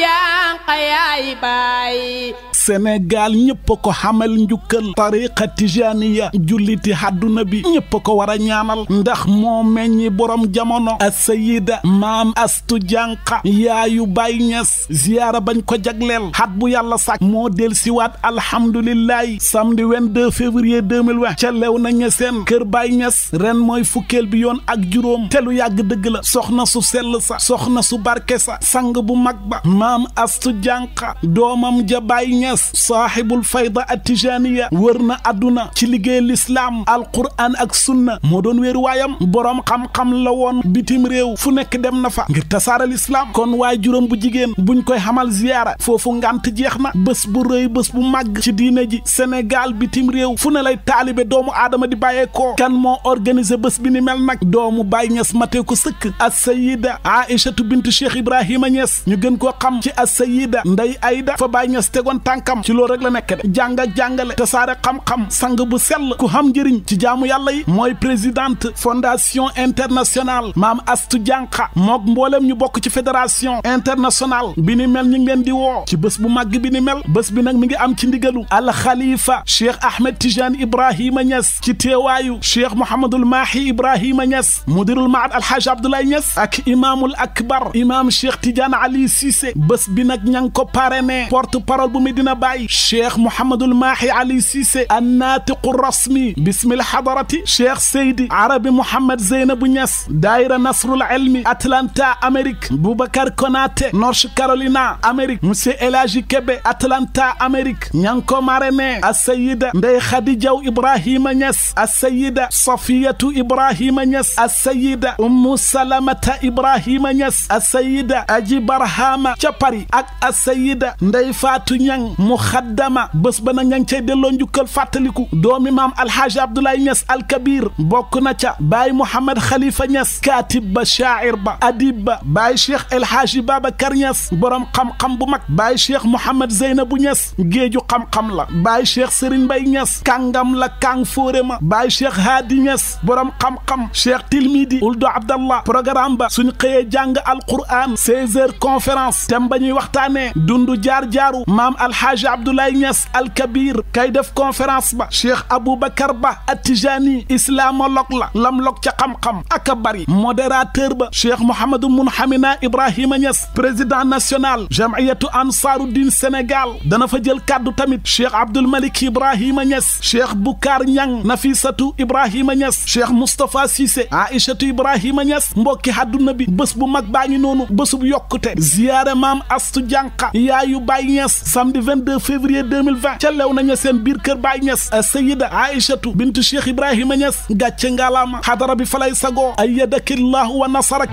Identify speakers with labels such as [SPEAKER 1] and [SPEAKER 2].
[SPEAKER 1] jànq yaay baay Sénégal ñëpp a ko xamal njukkal tariqa tijaniya julliti àdduna bi ñëpp ko war a ñaanal ndax moo meññi borom jamono asayida maam astu jànqa yaayu Baay Ñas ziyaara bañ ko jagleel xat bu yàlla sàkk moo del siwaat alhamdulilahi samedi 22 février 2020 ca lew na ñeseen kër Baay Ñas ren mooy fukkeel bi yoon ak juróom te lu yàgg dëgg la soxna su sell sa soxna su barke sa sang bu mag ba maam astu jànqa doomam ja Baay Ñas ñees saaxibul fayda attijaaniya wër na adduna ci liggéey lislaam alquraan ak sunna moo doon wéeru waayam boroom xam-xam la woon bitim réew fu nekk dem na fa ngir tasaare lislaam kon waaye juróom bu jigéen buñ koy xamal ziyaara foofu ngant jeex na bés bu rëy bës bu màgg ci diine ji Sénégal bitim réew fu ne lay taalibe doomu aadama di bàyyeekoo kan moo organiser bës bi ni mel nag doomu Baay Ñas matee ko sëkk as-sayida Aïchatu bintu Cheikh Ibrahima Ñas ñ gën koo xam ci as-sayida Ndey tànkam ci loolu rek la nekk de jàng ak jàngale te saare xam-xam sang bu sell ku xam njëriñ ci jaamu yàlla yi mooy présidente fondation internationale maam astu jànqa mook mbooleem ñu bokk ci fédération internationale bi ni mel ñu ngi di woo ci bés bu màgg bi ni mel bës bi nag mi ngi am ci ndigalu alxalifa cheikh ahmed tijane ibrahima Niass ci teewaayu cheikh mouhamadul maahi ibrahima Niass mudirul maad alxaaj abdoulaye Niass ak imaamul akbar imam cheikh tidiane ali Cissé na bàyyi cheikh mouhamadul maahi ali Cissé annaatiqu rasmi bismil hadarati cheikh seydi arabi mouhamad zeynabu Niass daayira nasrul elmi atlanta amérique boubacar konaté north carolina amérique monsieur elhaji kebe atlanta amérique ñanko marene asayida ndey khadi diaw ibrahima Niass asayida safiyatu ibrahima Niass asayida ummu salamata ibrahima Niass asayida aji barhama ca Paris ak asayida ndey faatu ñang muxaddama bés ba na ñang cee delloo njukkal fàttaliku doomi maam alxaaji Abdoulaye Niass alkabir bokk na ca baay Mouhamed Khalifa Niass kaatib ba shaacir ba adib ba baay cheikh elhaaji Babacar Niass borom xam-xam bu mag baay cheikh Mouhamed Zeynabu Niass géeju xam-xam la baay cheikh Serigne Mbaye Niass kangam la kàng fóore ma baay cheikh Haadi Niass borom xam-xam cheikh Tilmidi Uldu Abdallah programme ba suñ xëyee jàng alquran 16 heures conférence thème ba ñuy waxtaanee dundu jaar jaaru maam alxaaji alxaaji Abdoulaye Niass alkabir kay def conférence ba cheikh Aboubacar Ba islaam islamolog la lam log ca xam-xam ak a bari modérateur ba cheikh Mouhamadou Mounhamina Ibrahima Niass président national jamiyatu Ansaruddin Sénégal dana fa jël kàddu tamit cheikh Abdoul Malik Ibrahima Niass cheikh Boucar Niang Nafisatu Ibrahima Niass cheikh Moustapha Cissé Aïchatu Ibrahima Niass mbokki àdduna bi bés bu mag baa ngi noonu bésub yokkute ziyaare maam Astu Jànqa yaayu Baay 22 février 2020 ca lew nañu seen biir kër Baay Ñas Sayida Aïchatu bintu Cheikh a Ñas gàcce ngalaama xadara bi falay sago ay yadakillahu wa nasarak